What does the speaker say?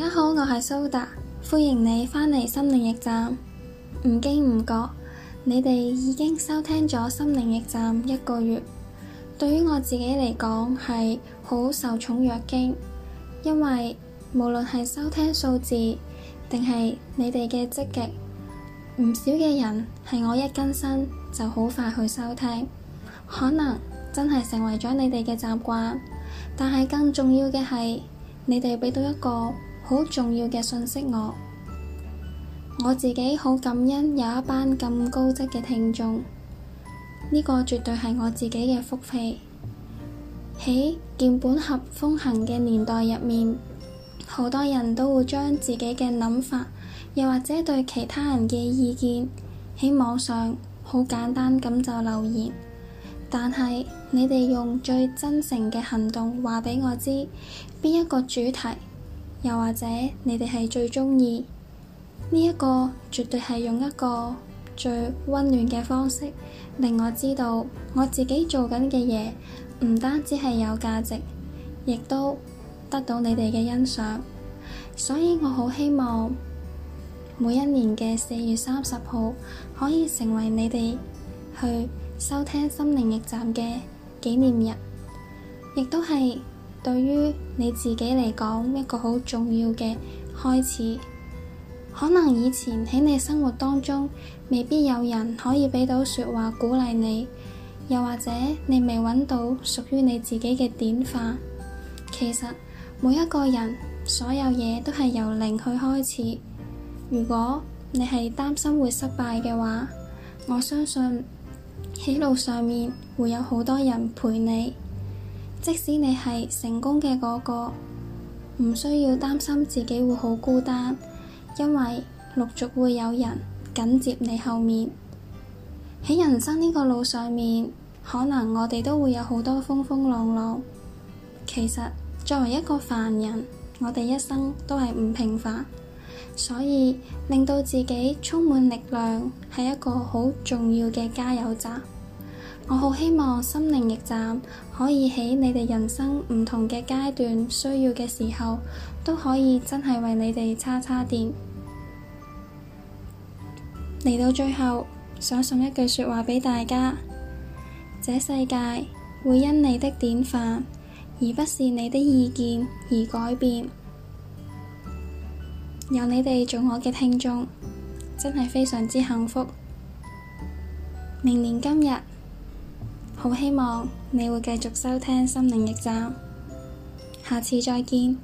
大家好，我係蘇達，歡迎你返嚟心靈驛站。唔經唔覺，你哋已經收聽咗心靈驛站一個月。對於我自己嚟講，係好受寵若驚，因為無論係收聽數字定係你哋嘅積極，唔少嘅人係我一更新就好快去收聽，可能真係成為咗你哋嘅習慣。但係更重要嘅係，你哋俾到一個。好重要嘅信息，我，我我自己好感恩有一班咁高質嘅聽眾。呢個絕對係我自己嘅福氣。喺鍵盤俠風行嘅年代入面，好多人都會將自己嘅諗法，又或者對其他人嘅意見喺網上好簡單咁就留言。但係你哋用最真誠嘅行動話畀我知，邊一個主題？又或者你哋係最鍾意呢一個，絕對係用一個最溫暖嘅方式，令我知道我自己做緊嘅嘢唔單止係有價值，亦都得到你哋嘅欣賞。所以我好希望每一年嘅四月三十號可以成為你哋去收聽心靈驛站嘅紀念日，亦都係。對於你自己嚟講，一個好重要嘅開始。可能以前喺你生活當中，未必有人可以畀到說話鼓勵你，又或者你未揾到屬於你自己嘅典範。其實每一個人，所有嘢都係由零去開始。如果你係擔心會失敗嘅話，我相信喺路上面會有好多人陪你。即使你係成功嘅嗰個個，唔需要擔心自己會好孤單，因為陸續會有人緊接你後面。喺人生呢個路上面，可能我哋都會有好多風風浪浪。其實，作為一個凡人，我哋一生都係唔平凡，所以令到自己充滿力量，係一個好重要嘅加油站。我好希望心靈驛站可以喺你哋人生唔同嘅階段需要嘅時候，都可以真係為你哋叉叉電。嚟到最後，想送一句說話畀大家：這世界會因你的典範，而不是你的意見而改變。有你哋做我嘅聽眾，真係非常之幸福。明年今日。好希望你會繼續收聽《心靈驛站》，下次再見。